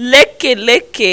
Leke Leke